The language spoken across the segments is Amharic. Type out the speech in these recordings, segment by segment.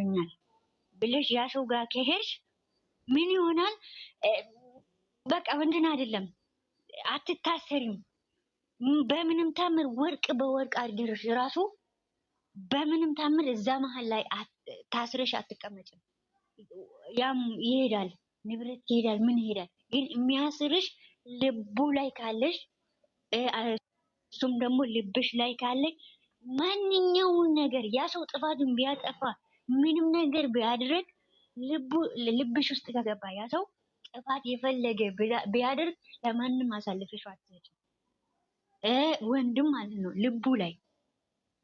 ይኖረኛል ብለሽ ያ ሰው ጋር ከሄድሽ ምን ይሆናል? በቃ ወንድን አይደለም፣ አትታሰሪም። በምንም ታምር ወርቅ በወርቅ አድርሽ ራሱ በምንም ታምር እዛ መሀል ላይ ታስረሽ አትቀመጭም። ያም ይሄዳል፣ ንብረት ይሄዳል፣ ምን ይሄዳል። ግን የሚያስርሽ ልቡ ላይ ካለሽ፣ እሱም ደግሞ ልብሽ ላይ ካለ ማንኛውን ነገር ያ ሰው ጥፋቱን ቢያጠፋ ምንም ነገር ቢያደርግ ልብሽ ውስጥ ከገባ ያ ሰው ጥፋት የፈለገ ቢያደርግ ለማንም አሳልፈሽ አትሰጪም። ወንድም ማለት ነው ልቡ ላይ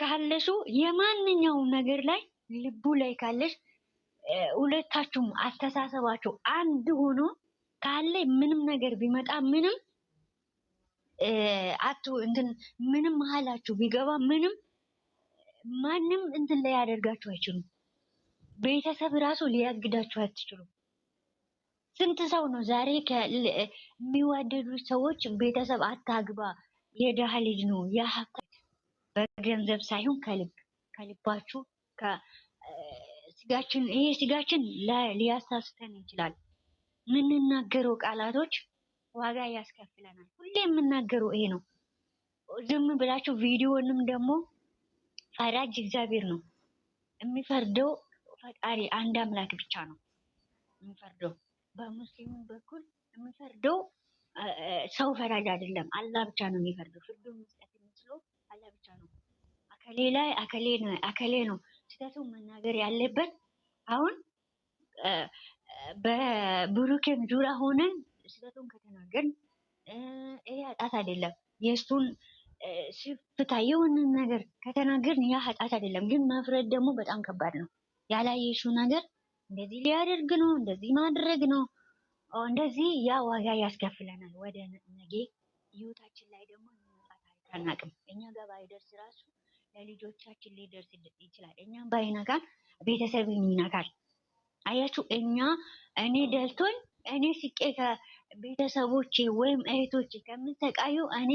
ካለሱ የማንኛውም ነገር ላይ ልቡ ላይ ካለሽ ሁለታችሁም አስተሳሰባቸው አንድ ሆኖ ካለ ምንም ነገር ቢመጣ ምንም አቱ እንትን ምንም መሀላችሁ ቢገባ ምንም ማንም እንትን ላይ ያደርጋችሁ አይችሉም። ቤተሰብ ራሱ ሊያግዳችሁ አትችሉም። ስንት ሰው ነው ዛሬ ከሚዋደዱ ሰዎች ቤተሰብ አታግባ፣ የድሃ ልጅ ነው የሀብታ በገንዘብ ሳይሆን ከልብ ከልባችሁ ስጋችን ይሄ ስጋችን ሊያሳስተን ይችላል። የምንናገረው ቃላቶች ዋጋ ያስከፍለናል። ሁሌ የምናገረው ይሄ ነው። ዝም ብላችሁ ቪዲዮንም ደግሞ ፈራጅ እግዚአብሔር ነው የሚፈርደው ፈጣሪ አንድ አምላክ ብቻ ነው የምንፈርደው። በሙስሊሙ በኩል የምንፈርደው ሰው ፈራጅ አይደለም፣ አላህ ብቻ ነው የሚፈርደው። ፍርዱን መስጠት የሚችለው አላህ ብቻ ነው። አከሌ ላይ አከሌ ነው አከሌ ነው ስህተቱ መናገር ያለበት አሁን በብሩኬም ዙራ ሆነን ስህተቱን ከተናገርን ይሄ ኃጢአት አይደለም የእሱን ስፍታ የሆነን ነገር ከተናገርን ያ ኃጢአት አይደለም። ግን መፍረድ ደግሞ በጣም ከባድ ነው። ያላየሽው ነገር እንደዚህ ሊያደርግ ነው፣ እንደዚህ ማድረግ ነው፣ እንደዚህ ያ ዋጋ ያስከፍለናል። ወደ ነገ ህይወታችን ላይ ደግሞ አናቅም። እኛ ጋር ባይደርስ ራሱ ለልጆቻችን ሊደርስ ይችላል። እኛም ባይነካን ቤተሰብን ይነካል። አያችሁ፣ እኛ እኔ ደልቶኝ እኔ ስቄ ከቤተሰቦቼ ወይም እህቶቼ ከምሰቃዩ እኔ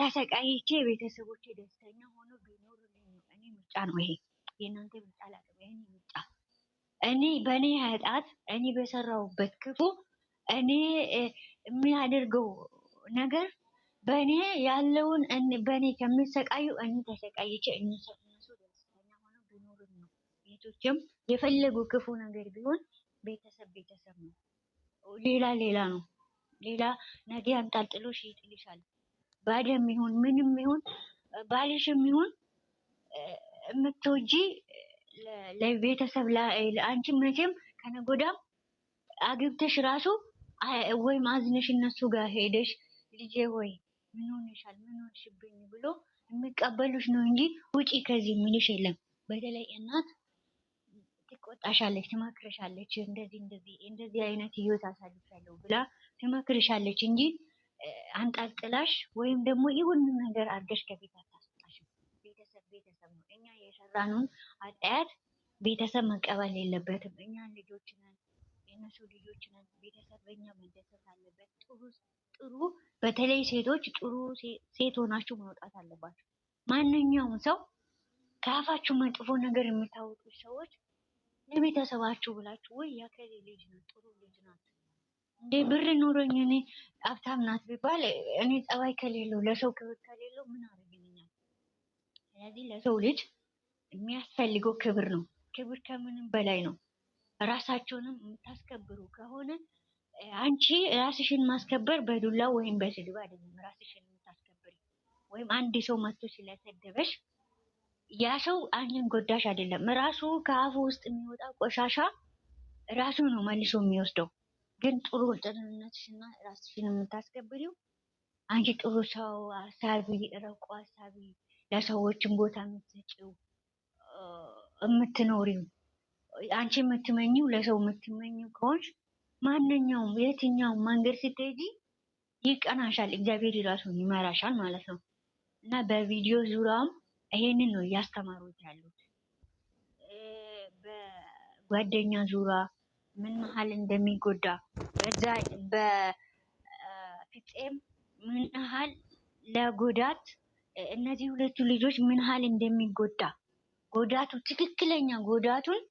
ተሰቃይቼ ቤተሰቦቼ ደስተኛ ሆኖ ቢኖሩልኝ እኔ ምርጫ ነው ይሄ። የእናንተ ይብልጥ አላውቅም። የእኔ እኔ በእኔ ኃጢአት እኔ በሰራሁበት ክፉ እኔ የሚያደርገው ነገር በእኔ ያለውን በእኔ ከሚሰቃዩ እኔ ተሰቃይቼ እነሱ ደስተኛ ሆነው ቢኖርም ነው። ቤቶችም የፈለጉ ክፉ ነገር ቢሆን ቤተሰብ ቤተሰብ ነው። ሌላ ሌላ ነው። ሌላ ነገ አንጠልጥሎሽ ይጥልሻል። ባደም ይሁን ምንም ይሁን ባልሽም ይሁን የምትወጂ ለቤተሰብ ለአንቺ መቼም ከነገ ወዲያም አግብተሽ ራሱ ወይም አዝነሽ እነሱ ጋር ሄደሽ ልጄ ሆይ ምን ሆነሻል? ምን ሆንሽብኝ ብሎ የሚቀበሉሽ ነው እንጂ ውጪ ከዚህ የሚልሽ የለም። በተለይ እናት ትቆጣሻለች፣ ትመክርሻለች። እንደዚህ እንደዚህ እንደዚህ አይነት ህይወት አሳልፋለሁ ብላ ትመክርሻለች እንጂ አንጠልጥላሽ ወይም ደግሞ ይሁን ነገር አድርገሽ ከቤት የሰራነውን ኃጢአት ቤተሰብ መቀበል የለበትም። እኛ ልጆች ነን፣ የእነሱ ልጆች ነን። ቤተሰብ በእኛ መደሰት አለበት። ጥሩ ጥሩ፣ በተለይ ሴቶች ጥሩ ሴት ሆናችሁ መውጣት አለባችሁ። ማንኛውም ሰው ከአፋችሁ መጥፎ ነገር የምታወጡ ሰዎች ለቤተሰባችሁ ብላችሁ ወይ የከሌ ልጅ ነው ጥሩ ልጅ ናት እንዴ ብር ኖሮኝ እኔ ሀብታም ናት ቢባል እኔ ጸባይ ከሌለው ለሰው ክብር ከሌለው ምን አድርግልኛል? ስለዚህ ለሰው ልጅ የሚያስፈልገው ክብር ነው። ክብር ከምንም በላይ ነው። ራሳቸውንም የምታስከብሩ ከሆነ አንቺ ራስሽን ማስከበር በዱላ ወይም በስድብ አይደለም። ራስሽን የምታስከብር ወይም አንድ ሰው መቶ ስለሰደበሽ ያ ሰው አንቺን ጎዳሽ አይደለም። ራሱ ከአፉ ውስጥ የሚወጣ ቆሻሻ ራሱ ነው መልሶ የሚወስደው። ግን ጥሩ ጥንነትሽና ራስሽን የምታስከብሪው አንቺ ጥሩ ሰው አሳቢ፣ ረቆ አሳቢ፣ ለሰዎችን ቦታ የምትሰጪው የምትኖሪው አንቺ የምትመኝው ለሰው የምትመኝው ከሆንሽ ማንኛውም የትኛውም መንገድ ስትሄጂ ይቀናሻል። እግዚአብሔር ራሱ ይመራሻል ማለት ነው። እና በቪዲዮ ዙሪያውም ይሄንን ነው እያስተማሩት ያሉት። በጓደኛ ዙሪያ ምን መሀል እንደሚጎዳ በዛ በፍፄም ምን ያህል ለጉዳት እነዚህ ሁለቱ ልጆች ምን ያህል እንደሚጎዳ ጎዳቱ ትክክለኛ ጎዳቱን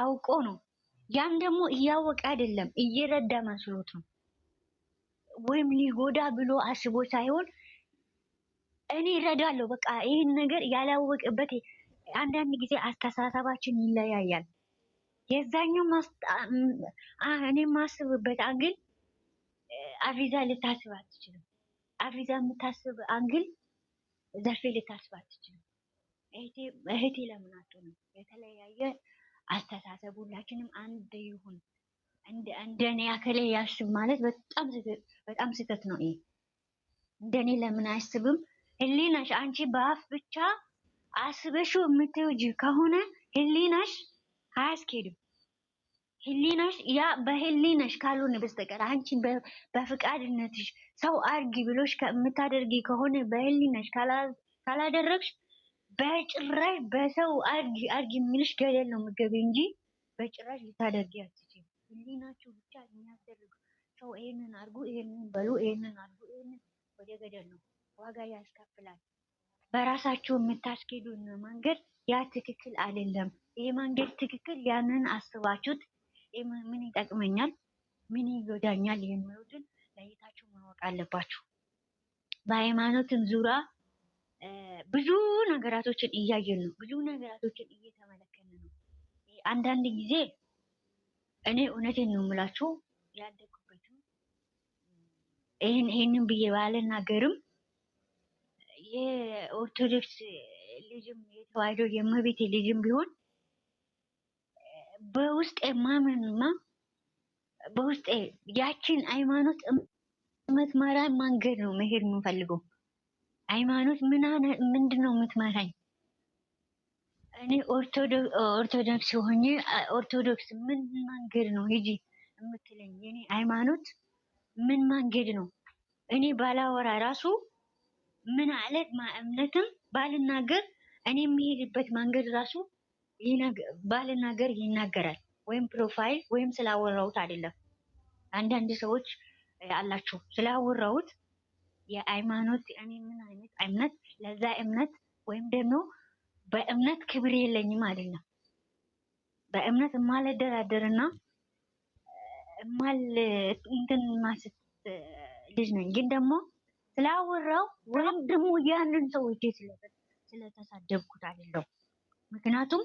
አውቆ ነው። ያም ደግሞ እያወቀ አይደለም እየረዳ መስሎት ነው፣ ወይም ሊጎዳ ብሎ አስቦ ሳይሆን እኔ እረዳለሁ በቃ ይህን ነገር ያላወቀበት። አንዳንድ ጊዜ አስተሳሰባችን ይለያያል። የዛኛው እኔ ማስብበት አንግል አቪዛ ልታስብ አትችልም። አቪዛ የምታስብ አንግል ዘርፌ ልታስብ አትችልም። እህቴ ለምን አትሆንም? የተለያየ አስተሳሰብ ሁላችንም አንድ ይሁን። እንደኔ አከሌ ያስብ ማለት በጣም ስህተት ነው። ይሄ እንደኔ ለምን አያስብም? ህሊናሽ አንቺ በአፍ ብቻ አስበሽው የምትውጂ ከሆነ ህሊናሽ አያስኬድም። ህሊናሽ ያ በህሊናሽ ካልሆነ በስተቀር አንቺ በፍቃድነትሽ ሰው አርጊ ብሎሽ የምታደርጊ ከሆነ በህሊናሽ ካላደረግሽ በጭራሽ በሰው አርግ አርግ የሚልሽ ገደል ነው የምትገቢው እንጂ በጭራሽ ልታደርጊ አትችይም። ህሊናችሁ ብቻ የሚያስደርግ ሰው ይሄንን አርጉ፣ ይሄንን በሉ፣ ይሄንን አርጉ፣ ይሄንን ወደ ገደል ነው፣ ዋጋ ያስከፍላል። በራሳችሁ የምታስኬዱን መንገድ ያ ትክክል አይደለም። ይሄ መንገድ ትክክል፣ ያንን አስባችሁት ምን ይጠቅመኛል፣ ምን ይጎዳኛል የሚሉትን ለይታችሁ ማወቅ አለባችሁ። በሃይማኖትም ዙሪያ ብዙ ነገራቶችን እያየን ነው። ብዙ ነገራቶችን እየተመለከት ነው። አንዳንድ ጊዜ እኔ እውነቴን ነው የምላችሁ ያደግኩበትም ይህን ይህንን ብዬ ባልናገርም የኦርቶዶክስ ልጅም የተዋደ የእመቤቴ ልጅም ቢሆን በውስጤ ማመንማ በውስጤ ያችን ሃይማኖት እመት ማንገድ መንገድ ነው መሄድ የምንፈልገው ሃይማኖት ምንድን ነው የምትመራኝ? እኔ ኦርቶዶክስ ሆኜ ኦርቶዶክስ ምን መንገድ ነው ሂጂ የምትለኝ? የኔ ሃይማኖት ምን መንገድ ነው? እኔ ባላወራ ራሱ ምን አለት እምነትም ባልናገር እኔ የሚሄድበት መንገድ ራሱ ባልናገር ይናገራል። ወይም ፕሮፋይል ወይም ስላወራሁት አይደለም። አንዳንድ ሰዎች አላቸው ስላወራሁት የሃይማኖት እኔ ምን አይነት እምነት ለዛ እምነት ወይም ደግሞ በእምነት ክብር የለኝም አይደለም። በእምነት የማልደራደርና ማል እንትን ማስት ልጅ ነኝ። ግን ደግሞ ስላወራው ወይም ደግሞ ያንን ሰው እጄ ስለተሳደብኩት አይደለም። ምክንያቱም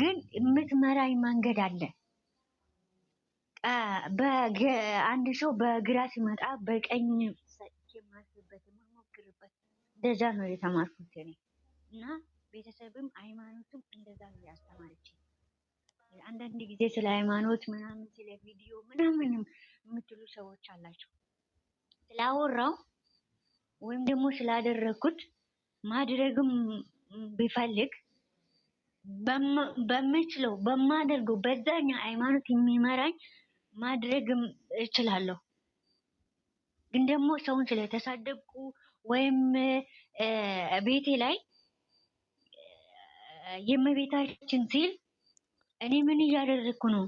ግን የምትመራኝ መንገድ አለ። አንድ ሰው በግራ ሲመጣ በቀኝ የማልፍበትም የምሞክርበት እንደዛ ነው የተማርኩት እኔ እና ቤተሰብም ሃይማኖትም እንደዛ ነው ያስተማረች። አንዳንድ ጊዜ ስለ ሃይማኖት ምናምን ስለ ቪዲዮ ምናምን የምትሉ ሰዎች አላቸው። ስላወራው ወይም ደግሞ ስላደረግኩት ማድረግም ቢፈልግ በምችለው በማደርገው በዛኛው ሃይማኖት የሚመራኝ ማድረግም እችላለሁ። ግን ደግሞ ሰውን ስለተሳደብኩ ወይም ቤቴ ላይ የእመቤታችን ሲል እኔ ምን እያደረግኩ ነው?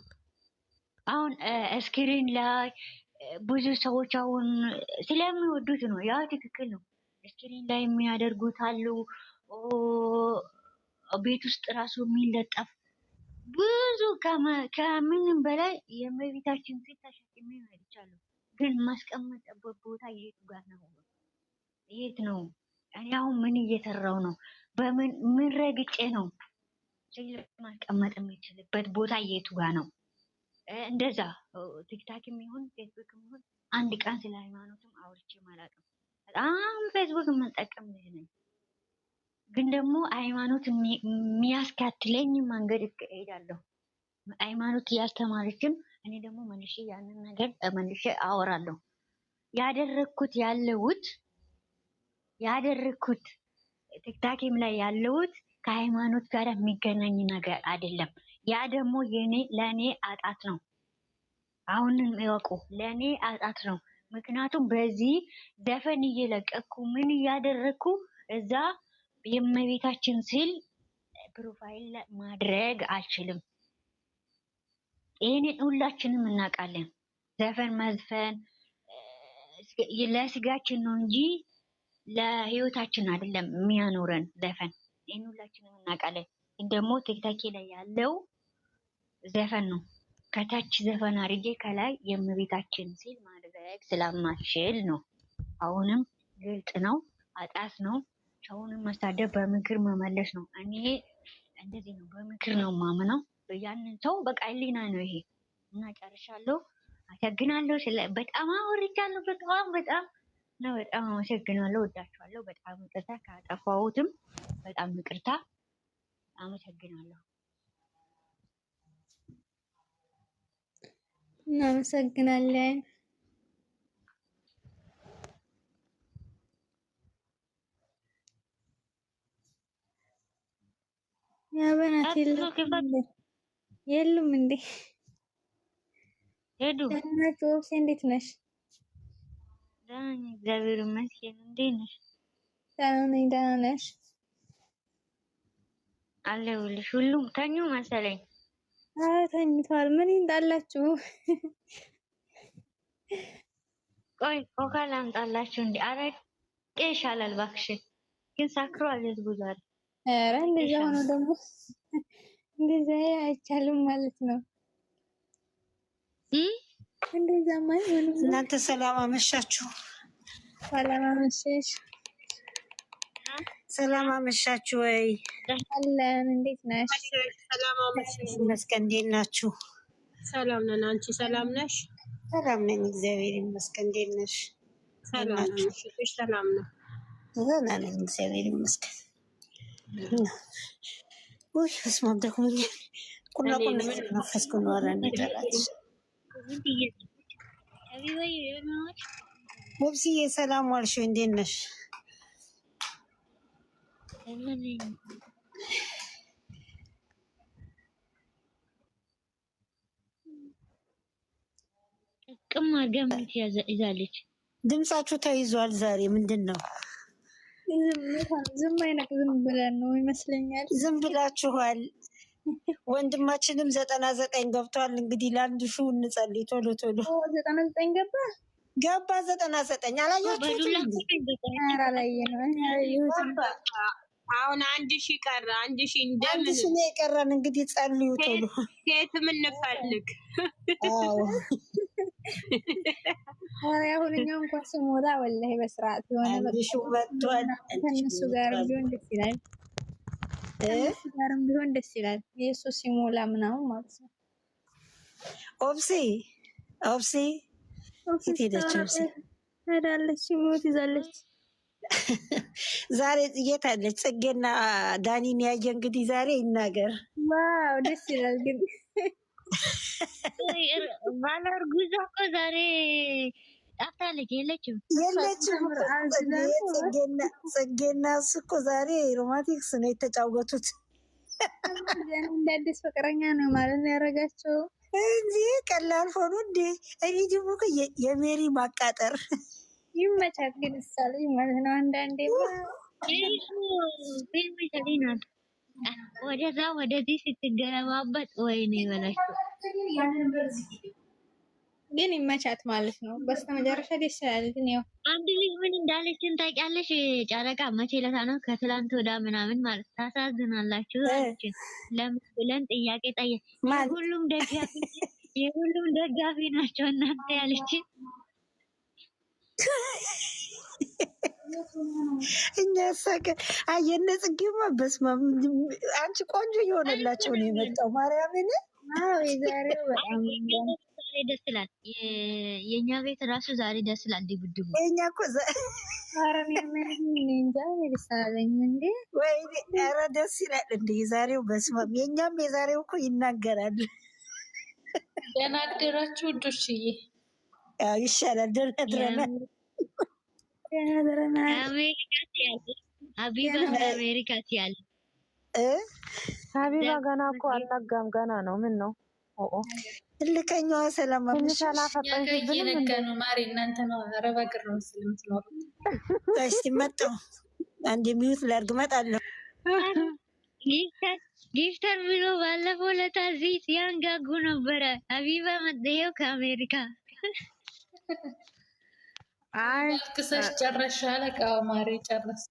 አሁን እስክሪን ላይ ብዙ ሰዎች አሁን ስለሚወዱት ነው። ያ ትክክል ነው። እስክሪን ላይ የሚያደርጉት አሉ። ቤት ውስጥ ራሱ የሚለጠፍ ብዙ ከምንም በላይ የእመቤታችን ሲል ተሸክሜ መጥቻለሁ። ግን ማስቀመጥበት ቦታ የት ጋር ነው? የት ነው? እኔ አሁን ምን እየሰራው ነው? በምን ምን ረግጬ ነው ማስቀመጥ የምችልበት ቦታ የቱ ጋር ነው? እንደዛ ቲክታክ የሚሆን ፌስቡክ የሚሆን አንድ ቀን ስለ ሃይማኖትም አውርቼ አላውቅም። በጣም ፌስቡክ የምንጠቀም ልጅ ነኝ፣ ግን ደግሞ ሃይማኖት የሚያስከትለኝ መንገድ እሄዳለሁ። ሃይማኖት እያስተማረችን እኔ ደግሞ መልሼ ያንን ነገር መልሼ አወራለሁ። ያደረግኩት ያለውት ያደረግኩት ትክታኬም ላይ ያለውት ከሃይማኖት ጋር የሚገናኝ ነገር አይደለም። ያ ደግሞ የኔ ለእኔ አጣት ነው። አሁንም እወቁ፣ ለእኔ አጣት ነው። ምክንያቱም በዚህ ዘፈን እየለቀኩ ምን እያደረግኩ እዛ የእመቤታችን ስል ፕሮፋይል ማድረግ አልችልም። ይህን ሁላችንም እናውቃለን። ዘፈን መዝፈን ለስጋችን ነው እንጂ ለህይወታችን አይደለም የሚያኖረን ዘፈን። ይህን ሁላችንም እናውቃለን። ግን ደግሞ ቲክታክ ላይ ያለው ዘፈን ነው። ከታች ዘፈን አድርጌ ከላይ የእመቤታችን ሲል ማድረግ ስለማችል ነው። አሁንም ግልጽ ነው፣ አጣስ ነው። ሰውንም መሳደብ በምክር መመለስ ነው። እኔ እንደዚህ ነው፣ በምክር ነው ማምነው። ያንን ሰው በቃ ህሊና ነው ይሄ እና ጨርሻለሁ። አመሰግናለሁ። በጣም አወርቻለሁ። በጣም በጣም እና በጣም አመሰግናለሁ። ወዳችኋለሁ። በጣም ይቅርታ ካጠፋሁትም በጣም ይቅርታ። አመሰግናለሁ። እናመሰግናለን። ያ የሉም እንዴ? ሄዱ እናቱ ወብሴ እንዴት ነሽ? ደህና ነኝ እግዚአብሔር ይመስገን። እንዴት ነሽ? ደህና ነኝ። ደህና ነሽ? አለሁልሽ። ሁሉም ተኙ መሰለኝ። አዎ ተኝቷል። ምን እንዳላችሁ ቆይ ኮካ ላምጣላችሁ። እንዴ አረቄ ይሻላል እባክሽ። ግን ሳክሮ አለት ጉዛል። ኧረ እንደዚያ ሆኖ ደግሞ እንደዛ አይቻልም ማለት ነው። እንደዛማ አይሆንም። እናንተ ሰላም አመሻችሁ። ሰላም አመሸሽ። ሰላም አመሻችሁ። ወይ አለን። እንዴት ነሽ? ይመስገን። እንዴት ናችሁ? ሰላም ነን። አንቺ ሰላም ነሽ? ሰላም ነኝ፣ እግዚአብሔር ይመስገን። እንዴት ነሽ? ሰላም ነው። ደህና ነኝ፣ እግዚአብሔር ይመስገን። ውይ በስመ አብ ደክሞኛል። ቁላ ቁላ እየተነፈስኩ ነው። ኧረ ነጠላት ወብስዬ ሰላም ዋልሽ? እንዴት ነሽ? ቅም አድርጋ ይዛለች? ድምጻችሁ ተይዟል ዛሬ ምንድን ነው? ዝም አይነቅ ዝም ብለን ነው ይመስለኛል። ዝም ብላችኋል። ወንድማችንም ዘጠና ዘጠኝ ገብቷል። እንግዲህ ለአንድ ሹ እንጸልይ። ቶሎ ቶሎ ዘጠና ዘጠኝ ገባ ገባ ዘጠና ዘጠኝ አላያችሁትም? አሁን አንድ ሺ ቀረ። አንድ ሺ እንደምን አንድ ሺ ነው የቀረን። እንግዲህ ጸልዩ ቶሎ ሴትም እንፈልግ ኧረ አሁን እንኳን ስሞላ ወላሂ በስርዓት የሆነ ከእነሱ ጋርም ቢሆን ደስ ይላል፣ ከእነሱ ጋርም ቢሆን ደስ ይላል። የእሱ ሲሞላ ምናምን ማለት ነው። ኦብሴ ኦብሴ ሄዳለች፣ ሞት ይዛለች። ዛሬ የት አለች? ጽጌና ዳኒን ያየ እንግዲህ ዛሬ ይናገር። ዋው ደስ ይላል ግን ባለ እርጉዝ እኮ ዛሬ አፍታለች። የለችም የለችም። ጽጌና እሱ እኮ ዛሬ ሮማቲክስ ነው የተጫወቱት። እንደ አዲስ ፍቅረኛ ነው ማለት ነው ያደረጋቸው እንጂ ቀላል ሆኑ እንዴ? እኔ ደግሞ የሜሪ ማቃጠር ይመቻል። ግን እሳለች ማለት ነው አንዳንዴ ፊልም ይተሊናል ወደዛ ወደዚህ ስትገለባበጥ ወይኔ በላቸው። ግን ይመቻት ማለት ነው። በስተመጨረሻ ደስ ያለች ነው። አንድ ልጅ ምን እንዳለችን ታውቂያለሽ? ጨረቃ መቼ ለታ ነው ከትላንት ወዳ ምናምን ማለት ታሳዝናላችሁ። ለምን ብለን ጥያቄ ጠየቅ። የሁሉም ደጋፊ የሁሉም ደጋፊ ናቸው እናንተ ያለችን እኛ ያሳቀን አየነ ጽጌማ በስመ አብ አንቺ ቆንጆ እየሆነላቸው ነው የመጣው። ማርያምን ደስ ይላል። የእኛ ቤት ራሱ ዛሬ ደስ ይላል። ድብድቡ የእኛ እኮ ኧረ ደስ ይላል እንዴ የዛሬው በስመ አብ የእኛም የዛሬው እኮ ይናገራል። ደናግደራችሁ ውዶችዬ ይሻላል ደናድረናል። አሜሪካ ያለ ሀቢባ ገና እኮ አልነጋም። ገና ነው። ምን ነው ትልቀኛዋ ሰላም አንድ ሚዩት ላድርግ እመጣለሁ። ጊፍተር ብሎ ባለፈው ዕለት እዚህ ያንጋጉ ነበረ። ሀቢባ መጥሄው ከአሜሪካ አይ ክሰሽ ጨረሻ ለቃው ማሪ ጨረስ